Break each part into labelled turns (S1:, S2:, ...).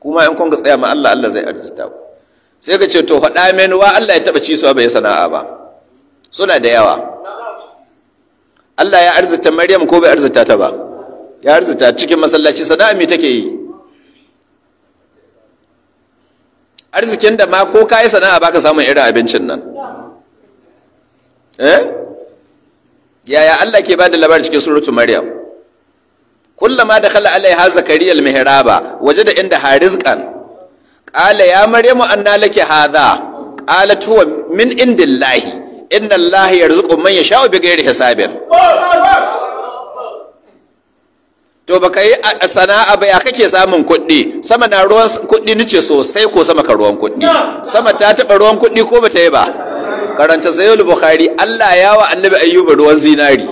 S1: kuma in kun ga tsaya ma Allah Allah zai arzita ku sai ka ce to faɗa mini wa Allah ya taɓa ci su bai sana'a ba suna da yawa Allah ya arzita Maryam ko bai arzita ta ba ya arzita cikin masallaci sana'a me take yi arzikin da ma ko yi sana'a baka samun irin abincin nan eh yaya Allah ke bada labarin cikin suratul maryam kullama dakhala alaiha zakariya almihraba wajada inda harizqan qala ya maryamu anna laki hadha qalat huwa min indillahi inna allaha yarzuqu man yasha'u bighairi hisabin to baka yi sana'a ba ya kake samun kuɗi sama na ruwan kuɗi nice sosai ko sama ka ruwan kuɗi sama ta taɓa ruwan kuɗi ko bata yi ba karanta sayyid bukhari Allah ya wa annabi ayyuba ruwan zinari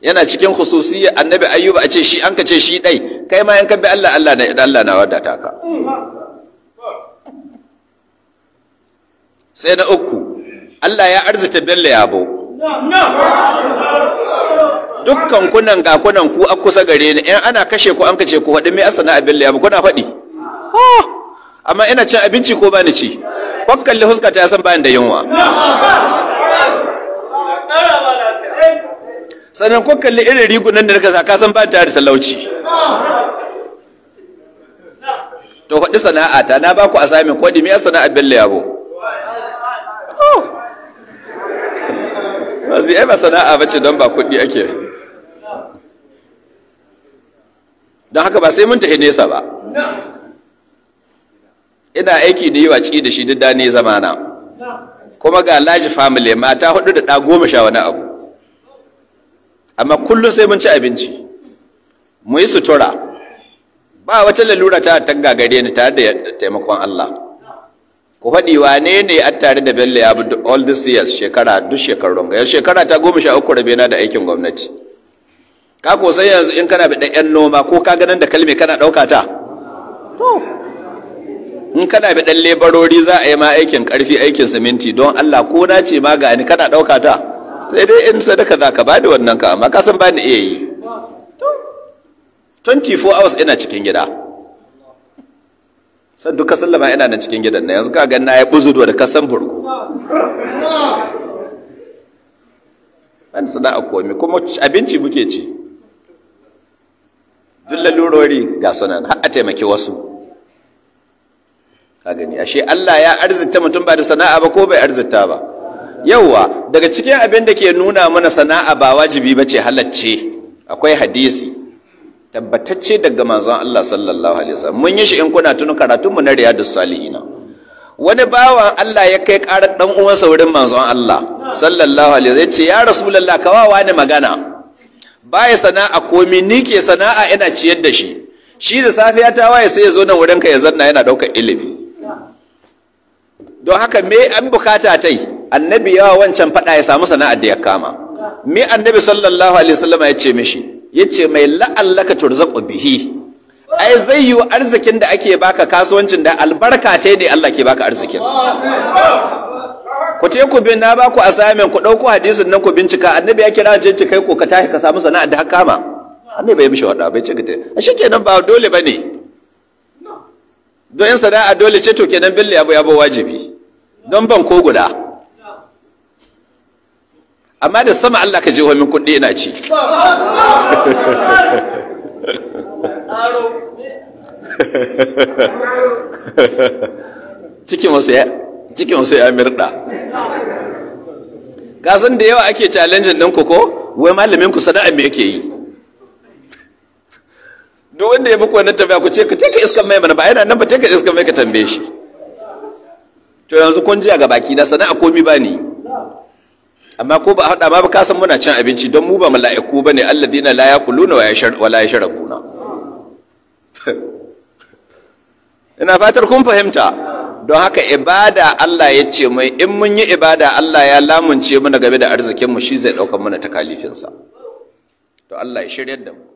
S1: yana cikin khususiyya annabi ayyub a ce shi an ka ce shi ɗai kai ma in ka bi Allah Allah na Allah na ta ka sai na uku Allah ya arzita bello yabo dukkan kunan ga kunan ku a kusa gare ni yan ana kashe ku an kace ku faɗi mai asana a bello yabo kuna faɗi amma ina cin abinci ko ni ci kwakkalli huskata ya san bayan da yunwa sannan kun kalli irin rigunan da naka ka san ba ta da talauci to kwaɗi sana'a ta na ba ku a sami kwaɗi me sana'a bello yabo ba oh! yi ba sana'a ba ce don ba kuɗi ake don haka ba sai mun tafi nesa ba ina aiki da yi wa ciki da shi duk da ne zamana kuma ga Laji family mata hudu da ɗa goma sha wani abu amma kullum sai mun ci abinci mu yi sutura ba wata lalura ta ta gare ni tare da taimakon Allah ku faɗi wane ne a tare da Bello ya all this years shekara duk shekarun ga shekara ta goma sha uku rabe na da aikin gwamnati ka ko sai yanzu in kana da yan noma ko ka ganin da kalme kana ɗauka ta in kana bi ɗan lebarori za a yi ma aikin ƙarfi aikin siminti don Allah ko na ce ma ga ni kana ɗauka ta sai dai in sadaka za ka bani wannan ka amma kasan bani iya yi 24 hours ina cikin gida san duka sallama ina nan cikin gidan na yanzu ka na ya buzu da kasan burgu an a komi kuma abinci muke ci duk lalurori ga sunan har a taimaki wasu ka gani ashe Allah ya arzita mutum ba da sana'a ba ko bai arzita ba yauwa daga cikin abin da ke nuna mana sana'a ba wajibi ba ce halacce akwai hadisi tabbatacce daga manzon Allah sallallahu alaihi wasallam mun yi shi in kuna tunu karatun mu na riyadus salihin wani bawan Allah ya kai karar dan uwansa wurin manzon Allah sallallahu alaihi wasallam ya ce ya rasulullah kawawa wani magana baya sana'a komi ni ke sana'a yana ciyar da shi shi da safiya ta waye sai ya zo nan wurinka ya zanna yana ɗaukar ilimi don haka me an bukata tai annabi yawa wancan faɗa ya samu sana'ar da ya kama me annabi sallallahu alaihi wasallam ya ce mishi ya ce mai la'allaka turzaqu bihi ai zai yi arzikin da ake baka kasuwancin da albarka ta ne Allah ke baka arzikin ku te ku bin na baku assignment ku ɗauko hadisin nan ku bincika annabi ya kira je ci kai ko ka tashi ka samu sana'ar da haka kama annabi bai mishi wada bai ce A shi kenan ba dole ba ne. don sana'a dole ce to kenan billi abu ya ba wajibi don ban ko guda amma da sama Allah ka jeho min kuɗi ina ci cikin wasu ya cikin wasu ya mirda kasan da yawa ake challenge din ku ko wai malamin ku sana'a me yake yi duk wanda ya muku wannan tafiya ku ce ka take iskan mai mana ba yana nan ba take iskan mai ka tambaye shi to yanzu kun ji a gabaki na sana'a komi ba ni amma ko ba hada ma ba ka muna cin abinci don mu ba mala'iku ba ne alladina la yakuluna wa la yashrabuna ina fatar kun fahimta don haka ibada Allah ya ce mai in mun yi ibada Allah ya lamunce mana game da arzikin mu shi zai ɗaukar mana sa to Allah ya shiryar da mu